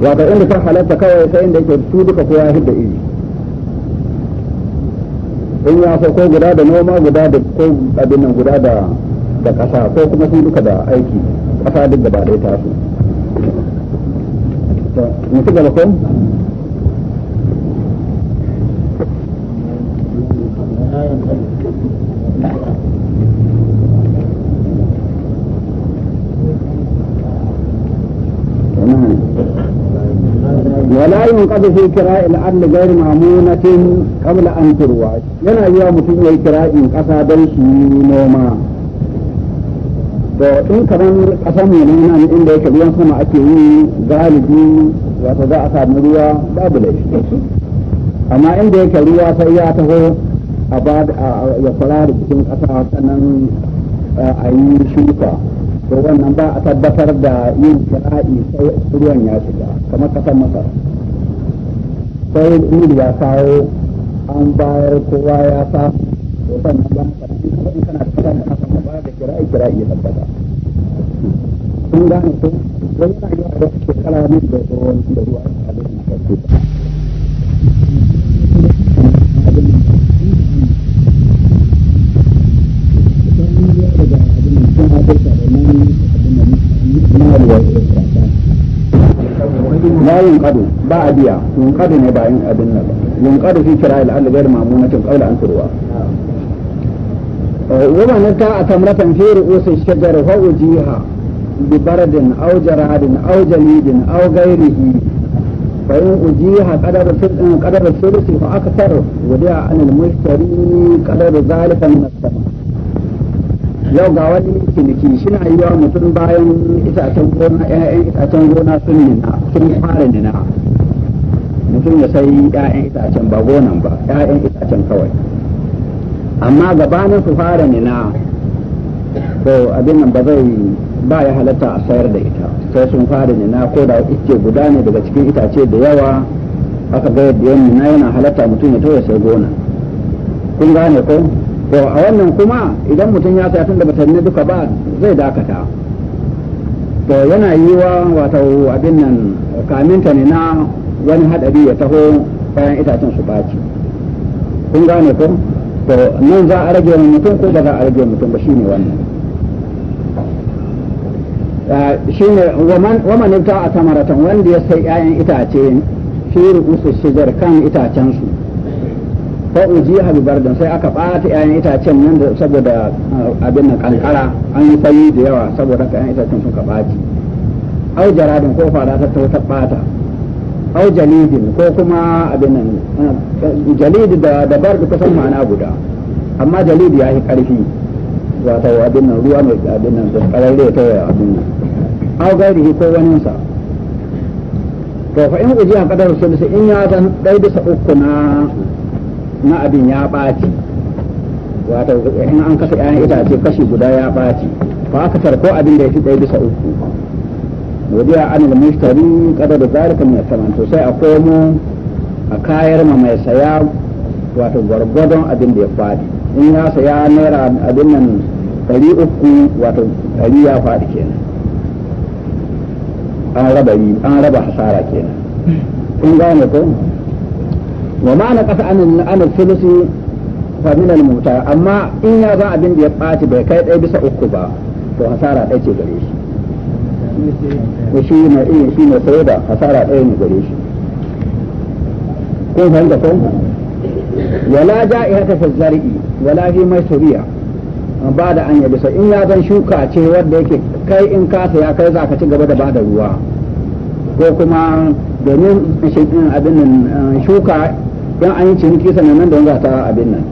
wa ga inda ta halatta kawai sai inda yake su duka ya hidda iri in ya fa ko guda da noma guda da ko abin nan guda da da ƙasa ko kuma sun duka da aiki ƙasa duk ba ɗaya ta su mu ci gaba ko ولا ينقض في كراء العدل غير مامونة قبل أن تروى. ينا يوم تنوي كراء قصى دلشي to in kaman mai nuna ne inda yake ruwan sama ake yi galibi wato za a samu ruwa babu shi amma inda yake ruwa sai ya taho a ba ya fara da cikin kasa sannan a yi shuka to wannan ba a tabbatar da yin kira'i sai ruwan ya shiga kamar ƙasar masar sai ya kawo an bayar kowa ya sa to ba ka kuma in kana da kalan da haka ba da kira'i kira'i ya tabbata kun gane ko don yana yi da wasu shekara min da ruwan da ruwa a cikin karfi ينقض بعد يا ينقض نبا ينقض ينقض في كراء العلم غير معمونة قبل أن تروى ومن ta تمرة في رؤوس الشجر فوجيها ببرد أو جراد أو جليد أو غيره فإن أجيها قدر قدر الثلث فأكثر ودع عن المشتري قدر ذلك من الثمن yau ga wani ciniki shina yi wa mutum bayan itacen gona ƴaƴan itacen gona sun nina sun fara nina mutum ya sai ƴaƴan itacen ba gonan ba ƴaƴan itacen kawai amma gabanin su fara nina to abin nan ba zai ba ya halatta a sayar da ita sai sun fara nina ko da itace guda ne daga cikin itace da yawa aka ga yadda yan yana halatta mutum ya tawaye sai gona kun gane ko to a wannan kuma idan mutum ya sa tun da bata duka ba zai dakata to yana yi wa wato abin nan kaminta ne na wani hadari ya taho bayan itacen su baci kun gane ko to nan za a rage wa mutum ko ba za a rage wa mutum ba shine wannan ah, shine waman waman ta a tamaratan wanda ya sai 'ya'yan itace fi ru'usu shijar kan itacen su fa ujiha bi bardan sai aka bata 'ya'yan itacen nan saboda ah, abin nan kankara an yi fayi da yawa saboda 'ya'yan itacen sun ka baci au jaradin ko fara ta ta bata au jalidin ko kuma abin nan eh, jalid da da kusan ma'ana guda amma jalid ya yi karfi wato abin nan ruwa mai abin nan da kararre ta waya abin nan au gairihi ko wani sa to fa in ujiya kadar sulus in ya zan dai bisa uku na na abin ya baci wato in an kasa 'ya'yan itace kashi guda ya baci fa aka tarko abin da ya fi dai bisa uku وديع عن da قدر ذلك من الثمن to sai a komo a kayar ma mai saya wato gwargwadon abin da ya fadi in ya saya naira abin nan ɗari uku wato ɗari ya fadi kenan an raba yi an raba hasara kenan kun gane ko wa ma na kasa an an sulusi fa min al mutar amma in ya za abin da ya fadi bai kai ɗaya bisa uku ba to hasara ɗaya ce gare shi shi mai shi mai saye da hasara ɗaya ne gare shi kun fahimta wala ja'ihata fi zari'i wala fi mai suriya ba da an yabisa in ya zan shuka ce wanda yake kai in ka ya kai za ka ci gaba da bada ruwa ko kuma domin abin nan eh, shuka in an yi ciniki sanannan da za ta abin nan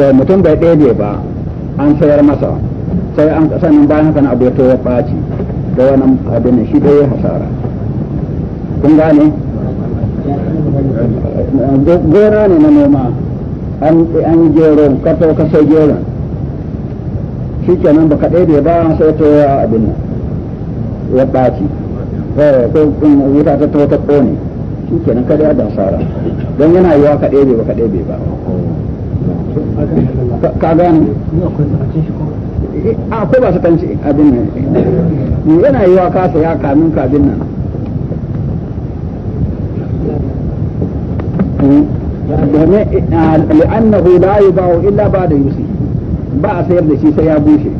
to mutum bai ɗebe ba an sayar masa sai an sannan bayan haka abu ya to ya ɓaci da wannan abin shi da ya hasara kun gane gora ne na noma an an gero ka to ka sai gero shi kenan baka ɗaya ba sai to ya abin nan ya ɓaci eh, ko wuta ta ta ƙone shi kenan kada ya dansara don yana wa ka ɗebe ba ka ɗebe ba ka gane a ko ba su kanci abin nan yana yi wa kasa ya kamin kabin nan domin eh, ah, li'annahu la yubahu illa ba da yusi ba a sayar da shi sai ya bushe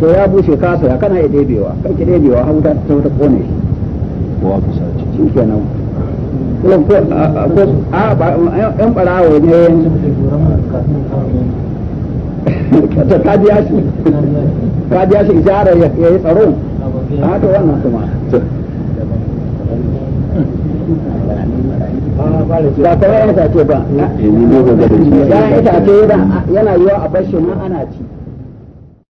to ya bushe kasa ya kana ya ɗebewa kan ki ɗebewa har wuta ta wata kone shi wa kusa shi kenan a ah, ah, ba ne ta kaji ya shi kaji ya shi ya yi tsaro a to wannan kuma ba kawai eh, yana ce ba ya yana yiwa a bashi ma ana ci